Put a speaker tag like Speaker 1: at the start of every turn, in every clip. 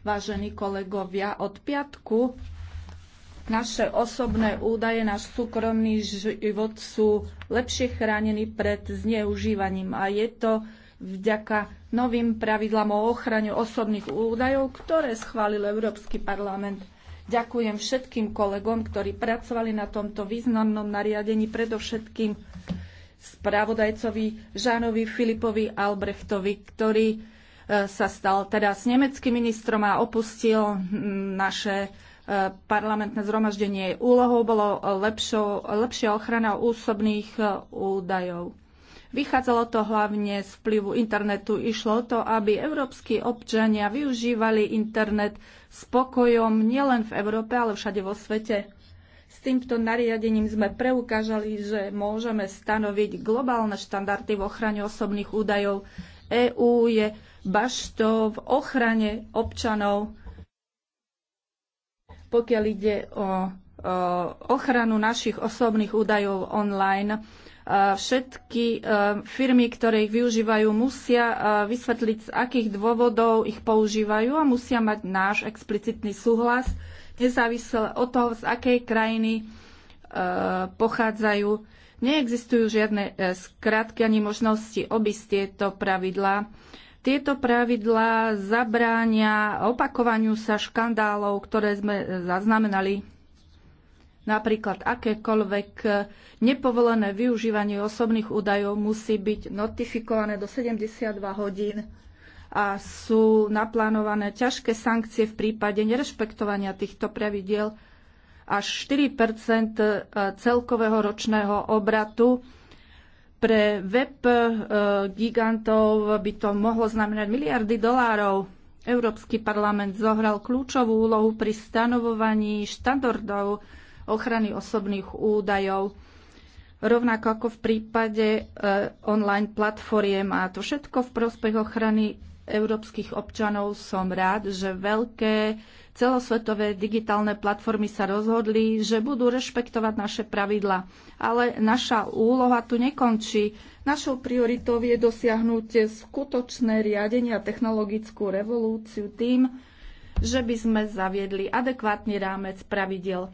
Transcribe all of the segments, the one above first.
Speaker 1: Vážení kolegovia, od piatku naše osobné údaje, náš súkromný život sú lepšie chránení pred zneužívaním a je to vďaka novým pravidlám o ochrane osobných údajov, ktoré schválil Európsky parlament. Ďakujem všetkým kolegom, ktorí pracovali na tomto významnom nariadení, predovšetkým spravodajcovi Žánovi Filipovi Albrechtovi, ktorý sa stal teda s nemeckým ministrom a opustil hm, naše e, parlamentné zhromaždenie. Úlohou bolo lepšou, lepšia ochrana úsobných e, údajov. Vychádzalo to hlavne z vplyvu internetu. Išlo o to, aby európsky občania využívali internet s pokojom nielen v Európe, ale všade vo svete. S týmto nariadením sme preukážali, že môžeme stanoviť globálne štandardy v ochrane osobných údajov. EÚ je baštou v ochrane občanov, pokiaľ ide o ochranu našich osobných údajov online. E, všetky e, firmy, ktoré ich využívajú, musia e, vysvetliť, z akých dôvodov ich používajú a musia mať náš explicitný súhlas, nezávisle od toho, z akej krajiny pochádzajú. Neexistujú žiadne e, skratky ani možnosti obísť tieto pravidlá. Tieto pravidlá zabránia opakovaniu sa škandálov, ktoré sme e, zaznamenali. Napríklad akékoľvek e, nepovolené využívanie osobných údajov musí byť notifikované do 72 hodín a sú naplánované ťažké sankcie v prípade nerešpektovania týchto pravidiel až 4 e, celkového ročného obratu. Pre web e, gigantov by to mohlo znamenať miliardy dolárov. Európsky parlament zohral kľúčovú úlohu pri stanovovaní štandardov ochrany osobných údajov rovnako ako v prípade e, online platformiem a to všetko v prospech ochrany európskych občanov som rád, že veľké celosvetové digitálne platformy sa rozhodli, že budú rešpektovať naše pravidla. Ale naša úloha tu nekončí. Našou prioritou je dosiahnuť skutočné riadenie a technologickú revolúciu tým, že by sme zaviedli adekvátny rámec pravidel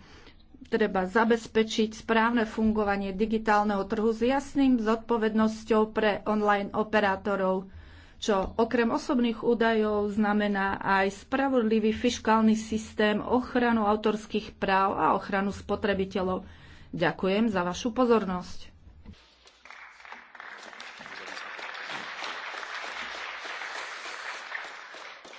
Speaker 1: treba zabezpečiť správne fungovanie digitálneho trhu s jasným zodpovednosťou pre online operátorov, čo okrem osobných údajov znamená aj spravodlivý fiškálny systém, ochranu autorských práv a ochranu spotrebiteľov. Ďakujem za vašu pozornosť.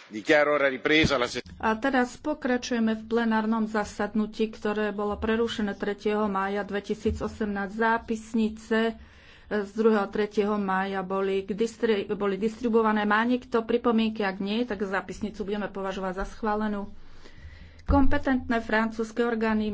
Speaker 1: Dichiaro ora ripresa la sessione. A teraz pokračujeme v plenárnom zasadnutí, ktoré bolo prerušené 3. mája 2018. Zápisnice e, z 2. a 3. mája boli, distri- boli distribuované. Má niekto pripomienky? Ak nie, tak zápisnicu budeme považovať za schválenú. Kompetentné francúzske orgány